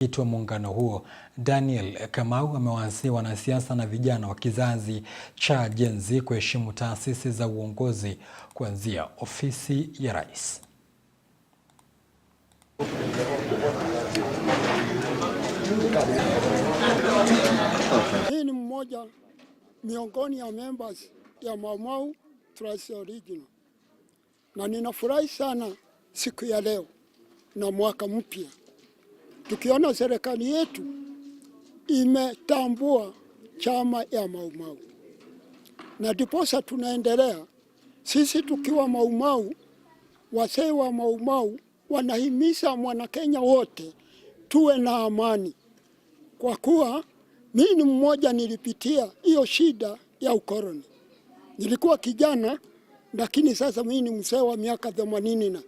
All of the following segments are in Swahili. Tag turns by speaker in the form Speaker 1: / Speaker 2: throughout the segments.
Speaker 1: Mwenyekiti wa muungano huo Daniel Kamau amewasihi wanasiasa na vijana wa kizazi cha Gen Z kuheshimu taasisi za uongozi kuanzia ofisi ya rais.
Speaker 2: Hii ni mmoja miongoni ya members ya Maumau Trust Original, na ninafurahi sana siku ya leo na mwaka mpya tukiona serikali yetu imetambua chama ya Maumau na diposa tunaendelea sisi tukiwa Maumau, wasee wa Maumau wanahimiza Mwanakenya wote tuwe na amani, kwa kuwa mimi mmoja nilipitia hiyo shida ya ukoloni. Nilikuwa kijana, lakini sasa mimi ni mzee wa miaka themanini na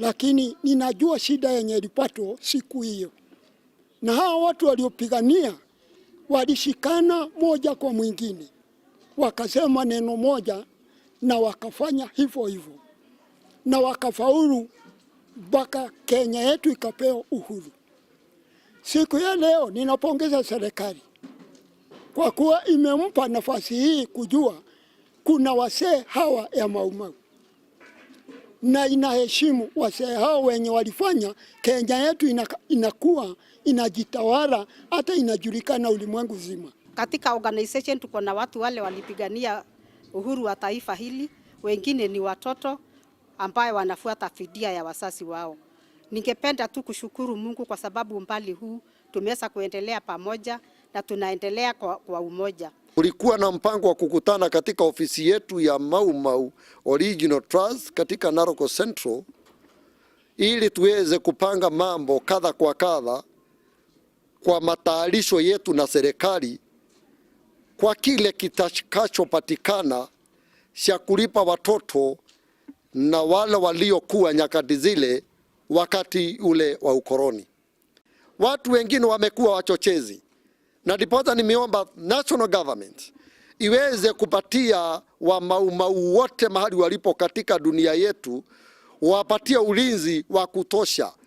Speaker 2: lakini ninajua shida yenye ilipatwa siku hiyo, na hawa watu waliopigania walishikana moja kwa mwingine, wakasema neno moja na wakafanya hivyo hivyo, na wakafaulu mpaka Kenya yetu ikapewa uhuru. Siku ya leo ninapongeza serikali kwa kuwa imempa nafasi hii kujua kuna wasee hawa ya Maumau na inaheshimu wasee hao wenye walifanya Kenya yetu inakuwa inajitawala hata inajulikana ulimwengu zima.
Speaker 3: Katika organization tuko na watu wale walipigania uhuru wa taifa hili, wengine ni watoto ambao wanafuata fidia ya wasasi wao. Ningependa tu kushukuru Mungu kwa sababu umbali huu tumeweza kuendelea pamoja na tunaendelea kwa, kwa umoja.
Speaker 4: Kulikuwa na mpango wa kukutana katika ofisi yetu ya Mau Mau Original Trust katika Naroko Central ili tuweze kupanga mambo kadha kwa kadha kwa matayarisho yetu na serikali kwa kile kitakachopatikana cha kulipa watoto na wale waliokuwa nyakati zile wakati ule wa ukoloni. Watu wengine wamekuwa wachochezi na ndipoza nimeomba national government iweze kupatia wa maumau wote mahali walipo katika dunia yetu, wapatie ulinzi wa kutosha